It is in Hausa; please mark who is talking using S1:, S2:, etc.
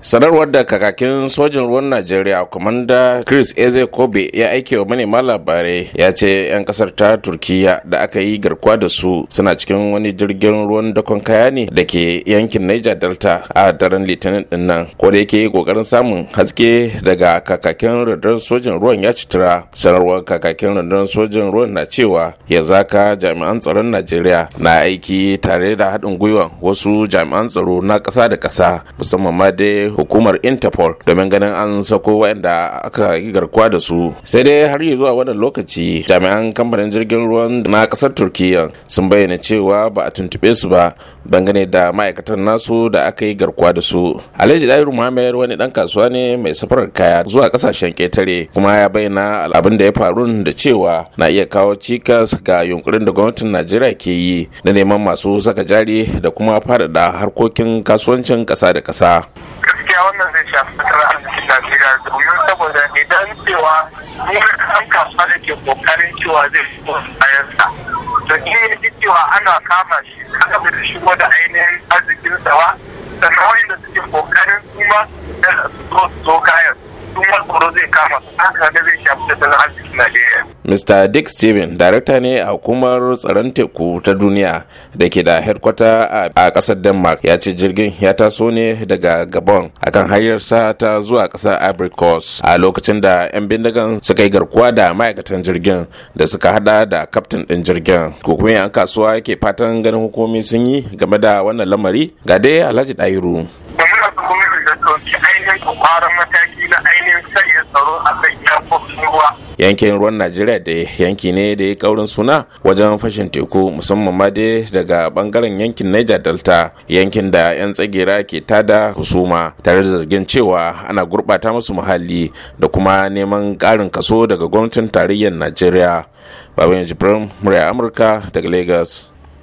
S1: sanarwar da kakakin sojin ruwan najeriya kwamanda chris eze kobe ya aike wa manema labarai ya ce 'yan kasar ta turkiya da aka yi garkuwa da su suna cikin wani jirgin ruwan dakon kaya ne da ke yankin niger delta a daren litinin din nan ko da yake kokarin samun haske daga kakakin rundunar sojin ruwan ya citira sanarwar kakakin rundunar sojin ruwan na cewa ya zaka jami'an tsaron najeriya na aiki tare da haɗin gwiwa wasu jami'an tsaro na ƙasa da ƙasa musamman ma dai hukumar interpol domin ganin an sako waɗanda aka yi garkuwa da su sai dai har yi zuwa wannan lokaci jami'an kamfanin jirgin ruwan na kasar turkiyya sun bayyana cewa ba a tuntuɓe su ba dangane da ma'aikatan nasu da aka yi garkuwa da su alhaji dairu muhammed wani dan kasuwa ne mai safarar kaya zuwa kasashen ketare kuma ya bayyana abin da ya faru da cewa na iya kawo cikas ga yunkurin da gwamnatin najeriya ke yi na neman masu saka jari da kuma faɗaɗa harkokin kasuwancin ƙasa da ƙasa
S2: gaskiya wannan zai shafi tattalin arzikin Najeriya domin saboda idan cewa mun kan kasuwa da ke kokarin cewa zai fito kayansa to in ya cewa ana kama shi aka bi da shigo da ainihin arzikin sawa sannan da suke kokarin kuma da su zo kayan kuma tsoro zai kama su haka da zai shafi tattalin arzikin Najeriya.
S1: mr dick steven darakta ne a hukumar tsaron teku ta duniya da ke da headkwata a kasar denmark ya ce jirgin ya taso ne daga gabon akan hanyarsa ta zuwa kasar ivory a lokacin da 'yan bindigan suka yi garkuwa da ma'aikatan jirgin da suka hada da kaftin din jirgin kuma yan kasuwa ke fatan ganin hukumomi sun yi game da wannan lamari ga dai alhaji dairu
S2: ainihin mataki na ainihin sanya tsaro a kan ruwa
S1: yankin ruwan najeriya da yanki ne da ya kaurin suna wajen fashin teku musamman ma dai daga bangaren yankin niger delta yankin da 'yan tsagera ke tada husuma tare da zargin cewa ana gurbata musu muhalli da kuma neman karin kaso daga gwamnatin tarayyar najeriya baban jibrin murya amurka daga lagos